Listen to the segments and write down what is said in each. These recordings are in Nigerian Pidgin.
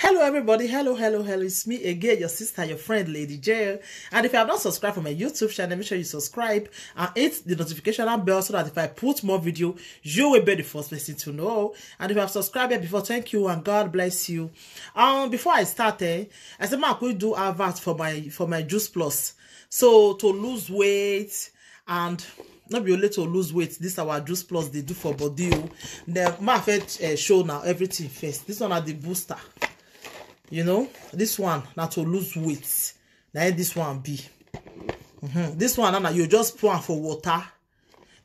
hello everybody hello hello hello it's me again your sister your friend lady J. and if you have not subscribed for my youtube channel make sure you subscribe and hit the notification bell so that if i put more video you will be the first person to know and if you have subscribed here before thank you and god bless you um before i start eh, i said man could do advert for my for my juice plus so to lose weight and no be only to lose weight this our juice plus they do for body o oh. then ma fit uh, eh, show now everything first this one are the booster you know this one na to lose weight na how this one be mm -hmm. this one na you just pour am for water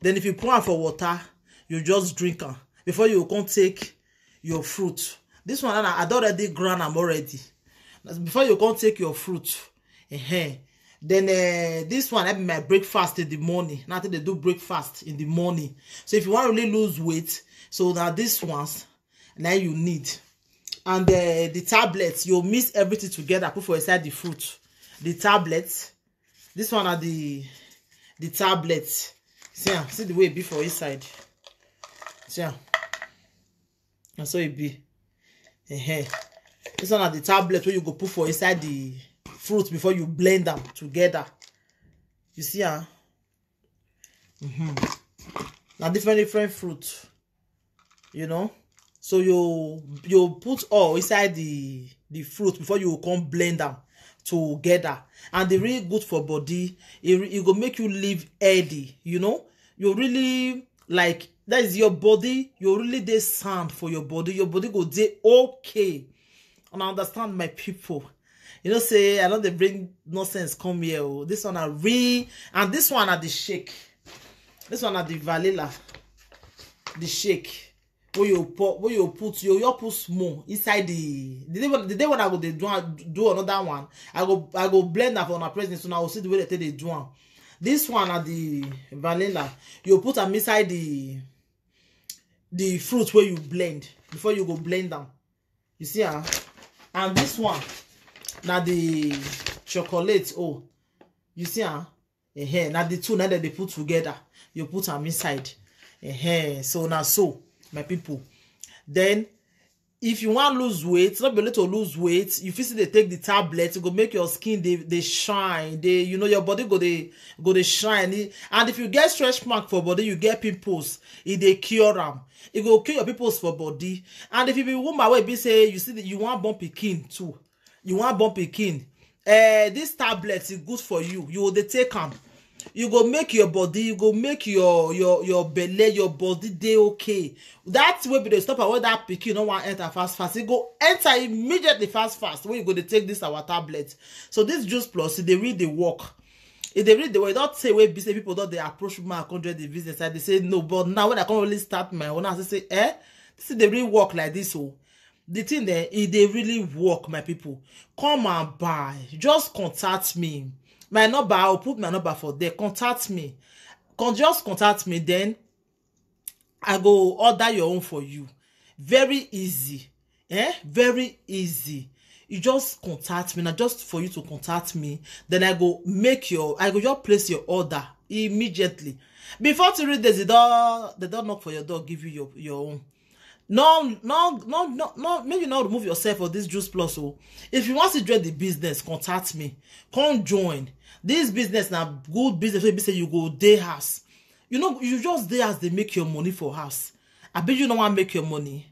then if you pour am for water you just drink am before you come take your fruit this one na i don already ground. am already before you come take your fruit uh -huh. then uh, this one help my breakfast in the morning na i think they do breakfast in the morning so if you wan really lose weight so na this ones na you need and uh, the, the tablet you mix everything together put for inside the fruit the tablet this one are the the tablet see ah, see the way e be for inside see and ah. so it be uh this one are the tablet where you go put for inside the fruit before you blend them together you see am ah? mm -hmm. na different different fruit you know so you you put all inside the the fruit before you come blend am together and e really good for body e e go make you live healthy you know you really like that is your body you really dey sound for your body your body go dey okay and i understand my people you know say i don dey bring nonsense come here o oh. this one na real and this one na the shake this one na the vanilla the shake wey you pour wey you put you you put small inside the the day when, the day when i go dey do am do another one i go i go blend am for una present so una go see the way they take dey do am this one na the vanilla you put am inside the the fruit wey you blend before you go blend am you see am ah? and this one na the chocolate oh you see am eh, eh, na the two na dem dey put together you put am inside eh, eh, so na so my people. then if you wan lose weight not be able to lose weight you fit still take the tablet e go make your skin they they shine They you know your body go they go they shine and if you get stretch mark for body you get pimples It e they cure them. It e go cure your pimples for body and if you be woman way, be say you see you want bumpy pikin too you want bumpy pikin eh this tablet is good for you you will dey take them you go make your body you go make your your your belle your body dey okay that way be the stopper wey that pikin no wan enter fast fast e go enter immediately fast fast When you go dey take this our tablet so this juice plus e dey really dey work e dey really dey work e don tey wey be say people don dey approach me and come join the business i dey say no but now when i come really start my own i say eh this thing dey really work like this o. Oh the thing there e dey really work my people come and buy just contact me my number i will put my number for there contact me con just contact me then i go order your own for you very easy eh very easy you just contact me now. just for you to contact me then i go make your i go just place your order immediately before three days the door, the door knock for your door give you your your own no no no no no make you no remove yourself for this juice plus o oh. if you wan still join the business contact me come join this business na good business wey be say you go dey house you know you just dey house dey make your money for house abi you no wan make your money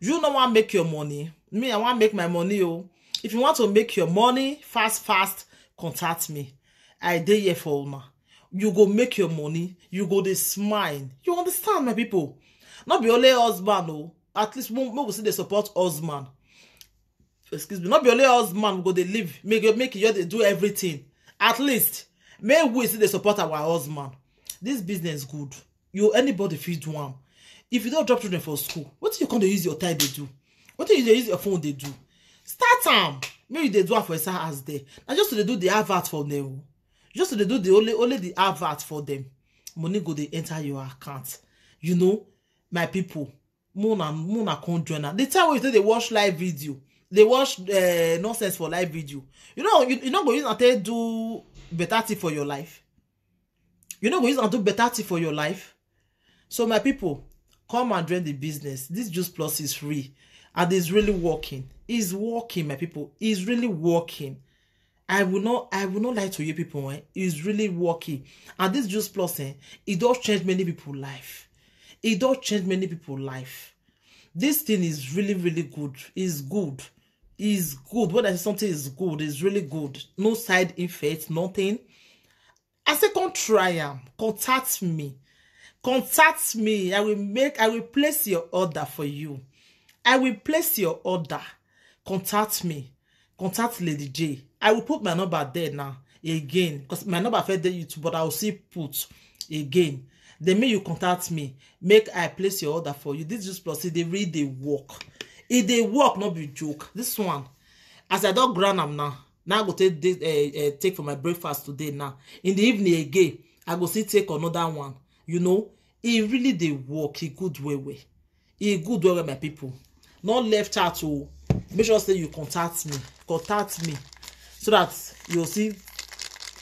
you no wan make your money me i wan make my money o oh. if you want to make your money fast fast contact me i dey here for una you go make your money you go dey smile you understand my people not be only husband o oh. at least make we still dey support husband excuse me not be only husband go dey live make make you just dey do everything at least make we still dey support our husband this business good you anybody fit do am if you don drop children for school wetin you come dey use your time dey do wetin you dey use your phone dey do start am make you dey do am for inside house there na just to dey do the advert for them o oh. just to dey do the only only the advert for them money go dey enter your account you know my people muna muna come join am the time wey you take dey watch live video dey watch uh, nonsense for live video you know you, you no go use am take do better thing for your life you no go use am do better thing for your life so my people come and join the business this juice plus is free and it's really working it's working my people it's really working i will not i will not lie to you people eh? it's really working and this juice plus eh, it does change many people life it don change many people life this thing is really really good Is good Is good when i say something is good is really good no side effect nothing i say come try am contact me contact me i will make i will place your order for you i will place your order contact me contact lady j i will put my number there now again because my number fit dey youtube but i will still put again then make you contact me make i place your order for you this juice plus They dey really dey work If e they work not be joke this one as i don't grant am now Now i go take this. uh, uh, take for my breakfast today now in the evening again i go see take another one you know e really they work e good way way. e good way well my people Not left out to. Oh. make sure say you contact me contact me so that you see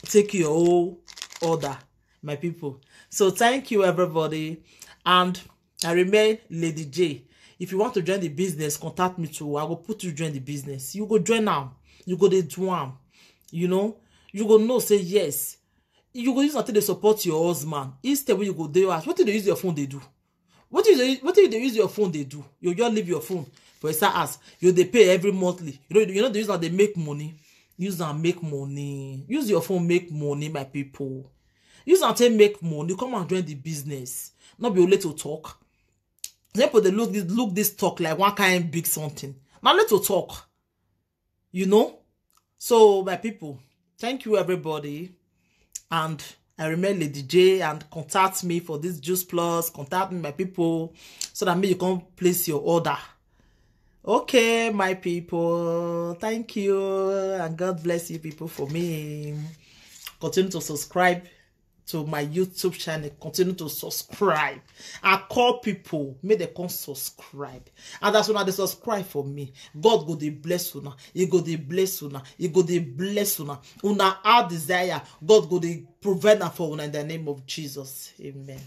take your whole order my people so thank you everybody and i remain lady j if you want to join the business contact me too i will put you join the business you go join now. you go dey do you know you go know say yes you go use until they support your husband instead when you go there, what do they use your phone They do What do they? What do they use your phone They do you just leave your phone for inside house you they pay every monthly you know you know they use that they make money use am make money use your phone make money my people use am take make money come and join the business no be only to talk some people dey look this look this talk like one kind big something na only to talk you know so my people thank you everybody and i remain lady j and contact me for this juice plus contact me my people so that me you can place your order okay my people thank you and god bless you people for me continue to subscribe to my youtube channel continue to subscribe i call people make dem come subscribe and that's when they subscribe for me god go dey bless you una he go dey bless you una he go dey bless you una una heart desire god go dey prevent for una in the name of jesus amen.